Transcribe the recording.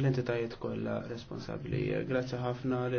l-entitajiet kollha responsabbli. Grazzi ħafna